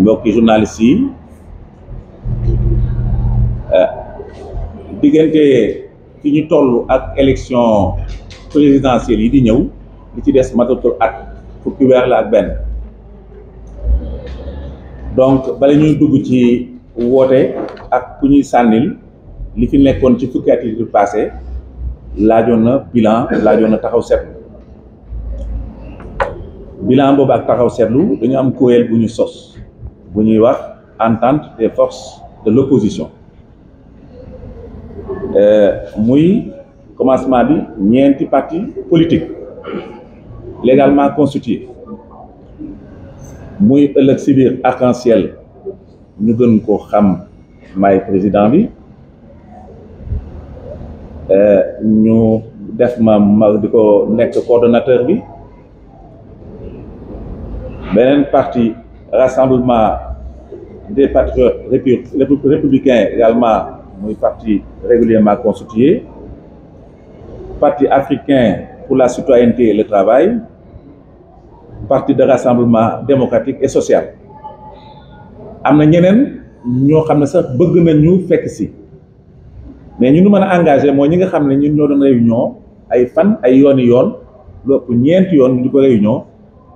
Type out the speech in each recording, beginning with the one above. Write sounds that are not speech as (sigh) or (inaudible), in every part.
mbokki journaliste yi euh, diggante ki ñu toll ak élection présidentielle yi di ñëw li ci des matatul at fukki weer la ak benn donc bala ñuy dugg ci woote ak ku ñuy sànnil li fi nekkoon ci fukki at yi passé laajoon na bilan laajoon na taxaw seetlu bilan boobu ak taxaw seetlu dañu am kuréel bu ñu sos bu ñuy wax entente des forces de l'opposition euh, muy commencement bi ñeenti parti politique légalement constitué muy ëllëg si biir arc ñu gën ko xam may président bi euh, ñu def ma ma di ko nekk coordonnateur bi beneen parti rassemblement des patriotes républicains également muy parti régulièrement constitué parti africain pour la citoyenneté et le travail parti de rassemblement démocratique et social am na ñeneen ñoo xam ne sax bëgg nañ ñu fekk si mais ñu nu mën a engagé mooy ñi nga xam ne ñu ñoo doon réunion ay fan ay yooni yoon lu ëpp ñeenti yoon ñu di ko réunion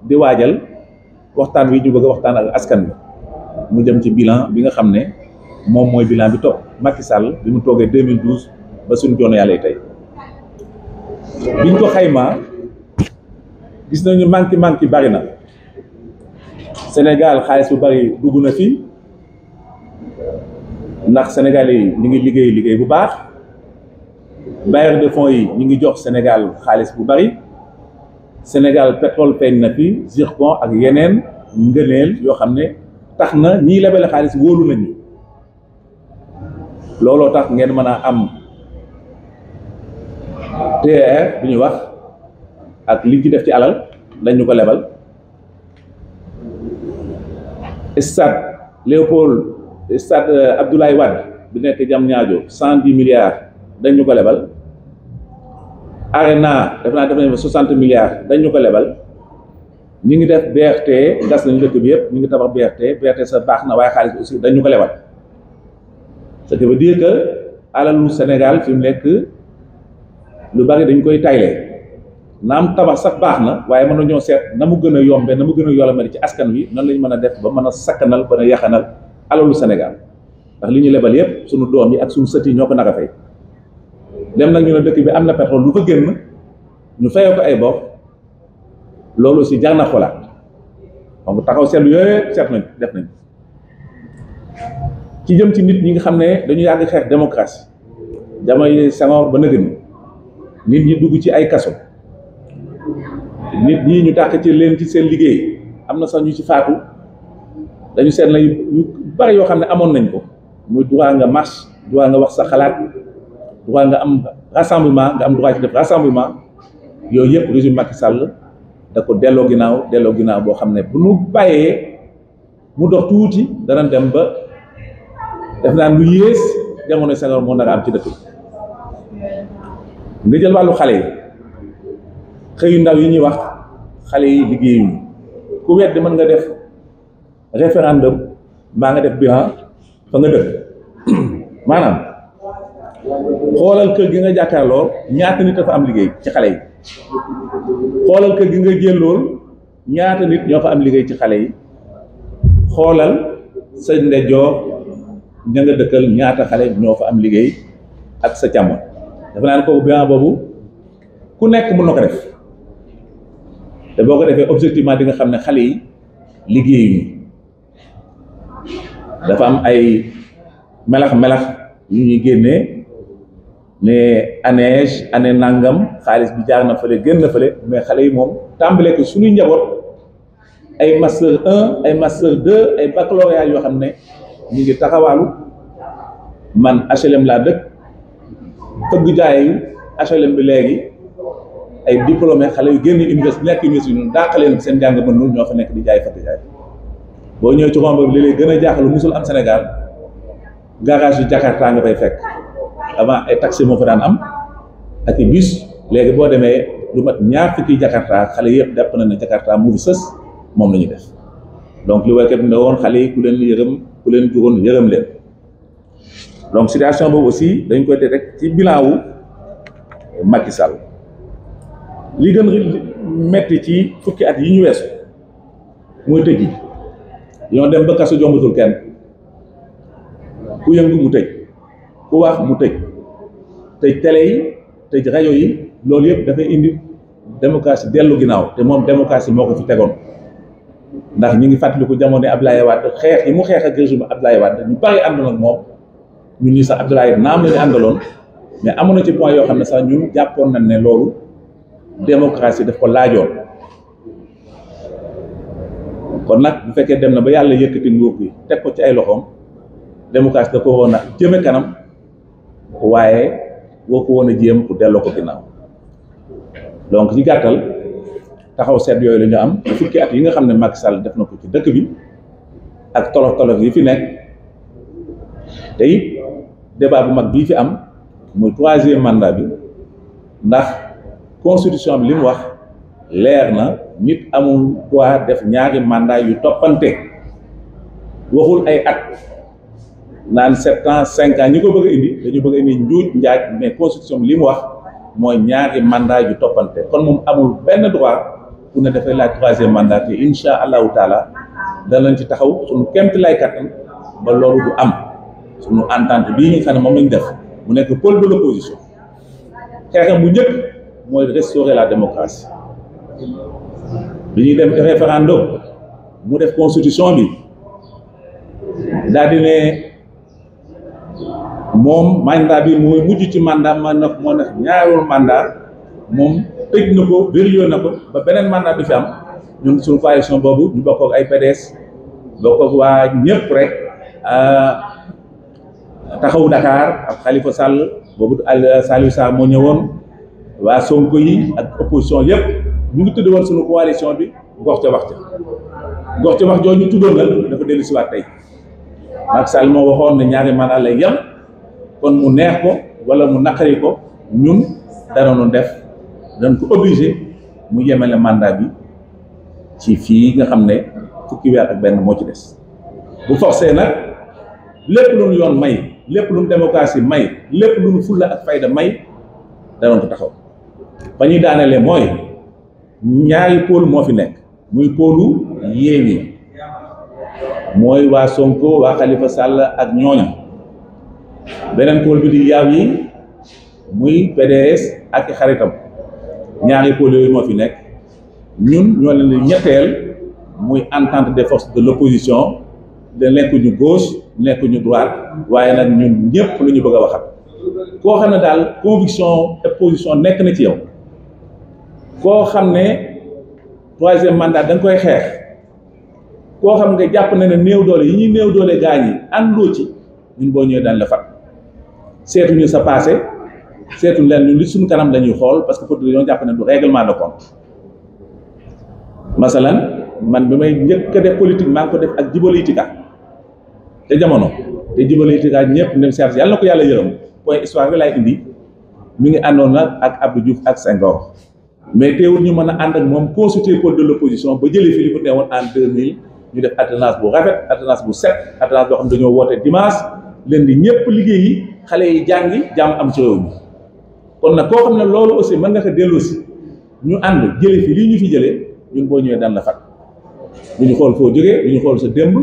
di waajal waxtaan wi ñu bëgg a waxtaan ak askan wi mu jëm ci bilan bi nga xam ne moom mooy bilan bi topp Macky sàll bi mu toogee 2012 ba suñu joono yàlla tey biñ ko xayma gis nañu manqué manqué bari na Sénégal xaalis bu bari dugg na fi ndax Sénégal yi ñu ngi liggéey liggéey bu baax bailleurs de fonds yi ñu ngi jox Sénégal xaalis bu bari Sénégal pétrole feeñ na fi zircon ak yeneen ngëneel yoo xam ne tax na ñiy lebale xaalis wóolu nañu looloo tax ngeen mën a am TER bi wax ak li ci def ci alal dañu ko lebal stade Léopold stade euh, Abdoulaye Wade bi nekk Diamniadio cent dix milliards dañu ko lebal arena def naa def nañ fa soixante milliards dañ ñu ko lebal ñu ngi def BRT gas nañu dëkk bi yëpp ñu ngi tabax beerte BRT sa baax na waaye xaalis aussi dañu ko lebal ce qui veut dire que alalu Sénégal fi mu nekk lu bari dañ koy taylee naam tabax sax baax na waaye mën nañoo seet na mu gën a yombe na mu gën a yolamari ci askan wi nan lañ mën a def ba mën a sakkanal ba a yaxanal alalu Sénégal ndax li ñu lebal yëpp sunu doom yi ak suñu sët yi ñoo ko naka fay dem nag ñu ne dëkk bi am na pétrole lu fa génn ñu fayee ko ay bor loolu aussi jar na xoolaat xam taxaw seetlu yëpp seet nañ def nañ ci jëm ci nit ñi nga xam ne dañu yàgg xeex démocratie jamono Senghor ba nëgën nit ñi dugg ci ay kaso nit ñi ñu tàq ci leen ci seen liggéey am na sax ñu ci faatu dañu seet na yu bari yoo xam ne amoon nañ ko muy droit nga marche droit nga wax sa xalaat droit nga am rassemblement nga am droit ci def rassemblement yooyu yëpp régime Macky Sall da ko delloo ginnaaw delloo ginnaaw boo xam ne bu nu bàyyee mu dox tuuti dana dem ba def naa lu jamono Senghor moo nar a ci dëkk bi nga jël wàllu xale yi xëyu ndaw yi ñuy wax xale yi liggéeyuñu ku wedd mën nga def référendum mbaa nga def bilan fa nga dëkk (clears throat) maanaam xoolal kër gi nga jàkkaarlool ñaata nit dafa am liggéey ci xale yi xoolal kër gi nga jël ñaata nit ñoo fa am liggéey ci xale yi xoolal sa ndeyjoor ña nga dëkkal ñaata xale ñoo fa am liggéey ak sa càmmoñ dafa naan kooku bilan boobu ku nekk mën na ko def te boo ko defee objectivement di nga xam ne xale yi liggéeyuñu dafa am ay melax melax yu ñuy génnee ne année année nangam xaalis bi jaar na fële génn na fële mais xale yi moom tàmbale ko suñuy njaboot ay master un ay master deux ay baccalauréat yoo xam ne ñu ngi taxawaalu man HLM laa dëkk fëgg jaayu HLM bi léegi ay diplômé xale yu génn université nekk université ñun dàq leen seen jàng ba nul ñoo fa nekk di jaay fëgg jaay boo ñëw ci xomba bi li lay gën a jaaxal lu musul am Sénégal garage yu Jakarta nga fay fekk avant ay taxi moo fa daan am ak i bus léegi boo demee lu mat ñaar fukki jakarta xale yëpp depp na ne jakarta mu fi sës moom la def donc li waykat bi ne woon xale yi ku leen yërëm ku leen juróon yërëm donc situation boobu aussi dañ koy rek ci bilan wu Macky li gën metti ci fukki at yi ñu weesu mooy tëj yi ñoo dem ba kaso jombatul kenn ku yëngu mu tëj ku wax mu tëj tëj télé yi tëj rajo yi loolu yëpp dafay indi démocratie dellu ginnaaw te moom démocratie moo ko fi tegoon ndax ñu ngi fàttaliku jamono Abdoulaye Wade xeex yi mu xeex ak régime Abdoulaye Wade ñu bari àndoon ak moom ñun ñi sax Abdoulaye naam la ñu àndaloon mais amoon na ci point yoo xam ne sax ñun jàppoon nañ ne loolu démocratie daf ko laajoon kon nag bu fekkee dem na ba yàlla yëkkati nguur gi teg ko ci ay loxoom démocratie da ko waroon a jëme kanam waaye boo ko woon a jéem pour delloo ko ginnaaw donc ci gàttal taxaw seet yooyu la ñu am fukki at yi nga xam ne mag Sall def na ko ci dëkk bi ak tolof tolof yi fi nekk te it débat bu mag bii fi am muy troisième mandat bi ndax constitution bi li wax leer na nit amul droit def ñaari mandat yu toppante waxul ay at naan sept ans cinq ans ñi ko bëgg a indi dañu bëgg a indi njuuj njaaj mais constitution bi li mu wax mooy ñaari mandaa yu toppante kon moom amul benn droit pour ne dafay laaj troisième mandat te incha allahu taala danañ ci taxaw suñu kémt lay kattan ba loolu bu am suñu entente bii ñu xam ne moom lañ def mu nekk pôle de l'opposition xeexam bu ñëpp mooy restaurer la démocratie bi ñuy dem référendum mu def constitution bi daal ne moom mandat bi mooy mujj ci mandat man na moo ne ñaareelu mandat moom tëj na ko verrouillé na ko ba beneen mandat du fi am ñun suñu coalition boobu ñu bokk ay PDS bokk waa ñëpp rek euh, taxawu Dakar ak xalifa sàll boobu Saliou Sa moo ñëwoon waa Sonko yi ak opposition yëpp ñu ngi tudd woon suñu coalition bi gox ca wax ca gox ca wax jooju ñu tuddoon la dafa dellu si waat tey Macky Sall moo waxoon ne ñaari mandat lay yem. kon mu neex ko wala mu naqari ko ñun dara nu def dañ ko obligé mu yemale màndaa bi ci fii nga xam ne fukki weer ak benn moo ci des bu forcé nag lépp lu ñu yoon may lépp lu ñu démocratie may lépp lu ñu fulla ak fayda may danoon ko taxaw ba ñuy daanelee mooy ñaari pôle moo fi nekk muy pôlu Yewwi mooy waa Sonko waa Khalifa Sall ak ñooña beneen pole bi di yaaw yi muy PDS ak i xaritam ñaari pôle yooyu moo fi nekk ñun ñoo leen di ñetteel muy entente des forces de l'opposition de nekkuñu gauche nekkuñu droite waaye nag ñun ñëpp lu ñu bëgg a waxat koo xam ne daal conviction et nekk na ci yow koo xam ne troisième mandat da nga koy xeex koo xam nga jàpp na ne néew doole yi ñuy néew doole gaañ yi àndoo ci ñun boo ñëwee daan la fat seetuñu sa passé seetu leen lu li suñu kanam dañuy ñuy xool parce que pour dañoo jàpp ne du règlement de compte masalan man bi may njëkk a def politique maa ngi ko def ak jibalitika te jamono te jibalitika ñëpp ne serge yàlla na ko yàlla yërëm point histoire bi laay ngi àndoon na ak Abdou Diouf ak Senghor mais teewul ñu mën a ànd moom constituer pôle de l'opposition ba jëlee fi li ko neewoon en 2000 ñu def alternance bu rafet alternance bu set alternance boo xam dañoo woote dimanche leen di ñëpp liggéey yi xale yi jàngi jàmm am si réew mi kon nag koo xam ne loolu aussi mën nga ko dellu si ñu ànd jële fi lii ñu fi jëlee ñun boo ñëwee daan la fat bu ñu xool foo jógee bu ñu xool sa démb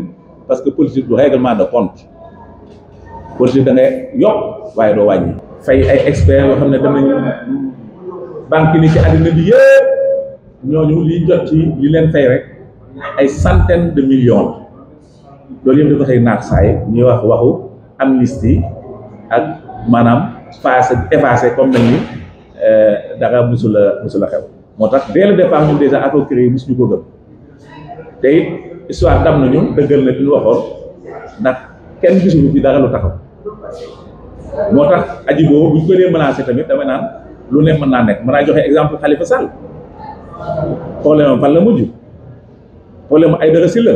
parce que politique du règlement de compte politique da ngay yokk waaye doo wàññi. fay ay experts yoo xam ne dem nañu banque ni ci àddina bi yëpp ñooñu li jot ci li leen fay rek ay centaines de millions loolu yëpp dafa xëy saay ñuy wax waxu amnistie ak maanaam face effacé comme nañu euh, dara musul a musul a xew moo tax dès le départ ñun déjà ako créé musu ñu ko gëm te it histoire dam nañu dëggal na li ñu ndax kenn gisuñu fi dara lu taxaw moo tax aji boobu bu ñu ko dee menacé tamit dama naan lu ne mën naa nekk mën naa joxe exemple Khalifa Sall problème fan la mujj problème ay dara si la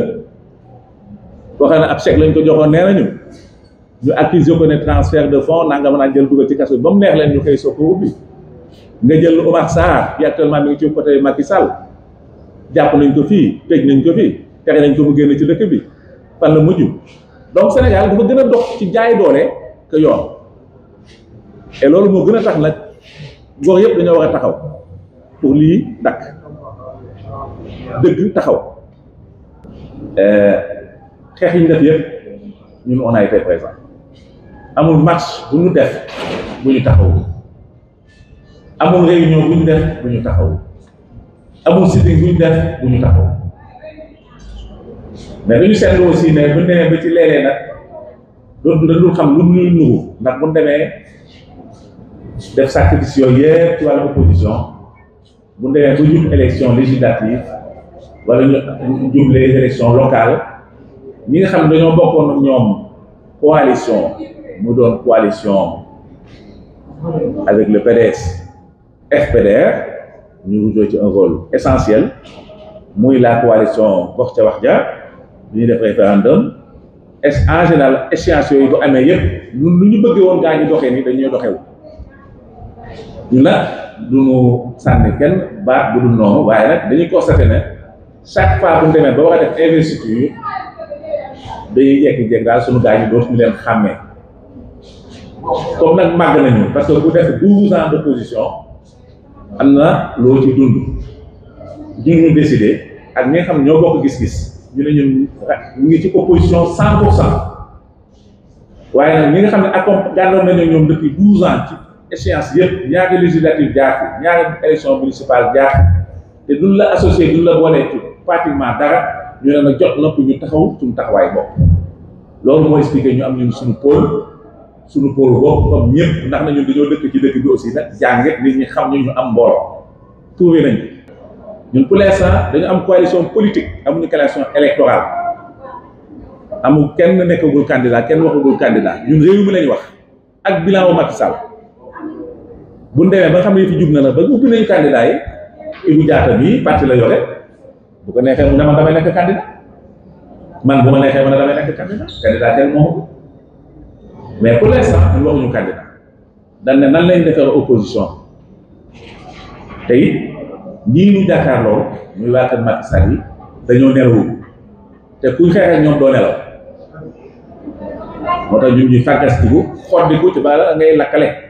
waxee na ab chèque lañ ko joxoon nee nañu ñu accusé ko ne transfert de fonds nanga mën a jël dugal ci kaso ba mu neex leen ñu koy soog a ubbi nga jël Omar Sarr bi actuellement mi ngi ci côté Macky Sall jàpp nañ ko fii tëj nañ ko fii fexe nañ ko mu génn ci dëkk bi fan la mujj donc Sénégal dafa gën a dox ci jaay doole que loolu moo gën a tax nag gox yëpp dañoo wax a taxaw pour lii dakk dëgg taxaw euh, xeex yi ñu def yëpp ñun on a présent amul match bu ñu def bu ñu taxawu amul réunion bu ñu def bu ñu taxawu amul sitting bu ñu def bu ñu taxawu mais lu ñu seetlu aussi ne bu demee ba ci léeg-léeg nag loolu dañu xam lu ñu nuru ndax bu demee def sacrifice yooyu yëpp ci wàllu opposition bu demee bu jub élection législative wala ñu jub les élections locales ñi nga xam ne dañoo bokkoon ak ñoom coalition mu doon coalition avec le PDS FPDR ñu joué ci un rôle essentiel muy la coalition gox ca wax ja bi ñu def référendum est en yooyu bu amee yëpp ñun lu ñu bëggee woon gaa ñu doxee ni dañuy doxewu ñu nag du ñu sànni kenn baat bu dul noonu waaye nag dañuy constaté ne chaque fois bu ñu demee a def investiture dañuy jekki-jekki daal suñu gaa ñu dootuñu leen xàmmee comme nag màgg nañu parce que bu def douze ans d' opposition am na loo ci dund ñi ñu décidé ak ñi nga xam ñoo bokk gis-gis ñu ne ñun ñu ngi ci opposition cent pour cent waaye nag ngi xam ne accompagné nañu ñoom depuis douze ans ci échéance yëpp ñaari législative jaar fi ñaari élection municipale jaar te duñ la associé duñ la boolee ci pratiquement dara ñu ne nag jot na pour ñu taxaw suñu taxawaay bopp loolu moo expliqué ñu am suñu pôle suñu pôle bopp comme ñëpp ndax na dañoo dëkk ci dëkk bi aussi nag jànge nit ñi xam ñu ñu am mbooloo trouvé nañ ñun pour dañu am coalition politique amuñu coalition électorale amul kenn nekkagul candidat kenn waxagul candidat ñun réew mi lañu wax ak bilan wu Macky Sall bu ñu ba xam ne fi jub na la ba ubbi nañu candidat yi Ibou Diatta mii parti la yore bu ko neexee mu ne man damay nekk candidat man bu ma neexee ma ne damay nekk candidat candidat tel mais pour l'instant ñun waxuñu candidat dañ ne nan lañ defee opposition tey it ñii ñu jàkkaarloo muy waa kër Macky yi dañoo nelawul te kuy xeex ak ñoom doo nelaw moo tax ñun ñuy fàggas digu xoddiku ci bala ngay lakkale